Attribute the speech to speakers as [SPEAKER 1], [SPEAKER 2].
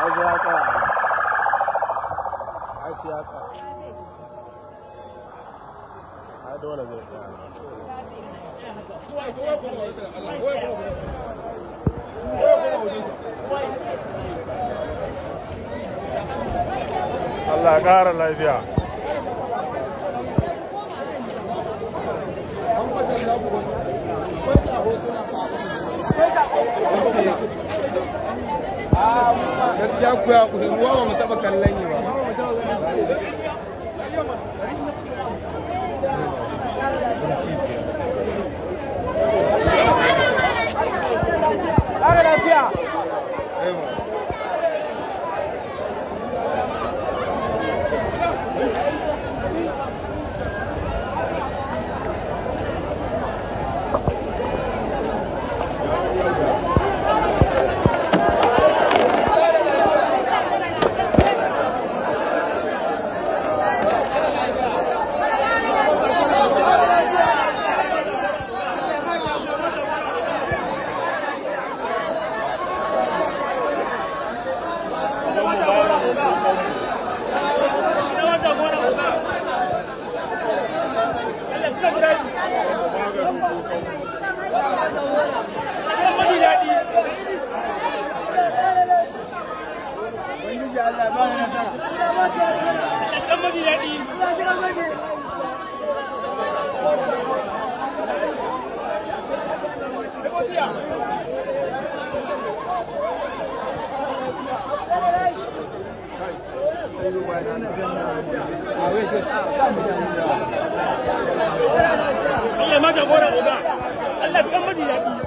[SPEAKER 1] ai ya tsaya ai shi dole zai
[SPEAKER 2] Allah ya ƙara
[SPEAKER 3] gaskiya ku ya ruwa ba mu taɓa kallon yi ba
[SPEAKER 1] Allah ya mata gora uba Allah ya kan